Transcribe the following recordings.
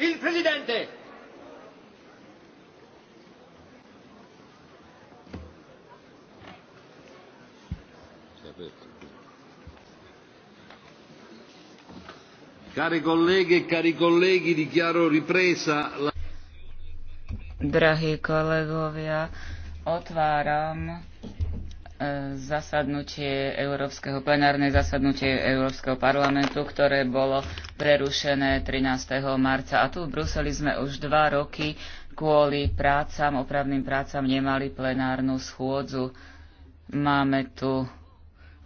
Il Presidente! Cari colleghe e cari colleghi, dichiaro ripresa la... Drahí kolegovia, otváram zasadnutie Európskeho plenárne zasadnutie Európskeho parlamentu, ktoré bolo prerušené 13. marca. A tu v Bruseli sme už dva roky kvôli prácam, opravným prácam nemali plenárnu schôdzu. Máme tu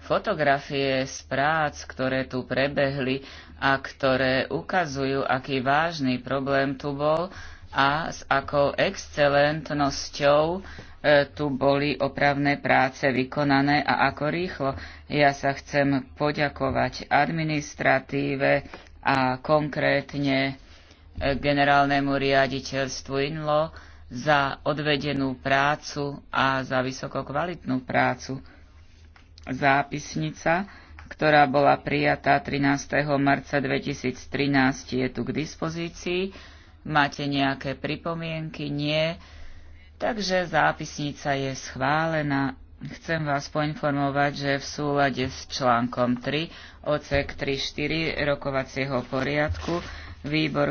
fotografie z prác, ktoré tu prebehli a ktoré ukazujú, aký vážny problém tu bol a s akou excelentnosťou e, tu boli opravné práce vykonané a ako rýchlo. Ja sa chcem poďakovať administratíve a konkrétne e, generálnemu riaditeľstvu INLO za odvedenú prácu a za vysokokvalitnú prácu. Zápisnica, ktorá bola prijatá 13. marca 2013, je tu k dispozícii Máte nejaké pripomienky? Nie. Takže zápisnica je schválená. Chcem vás poinformovať, že v súlade s článkom 3 odsek 3.4 rokovacieho poriadku výbor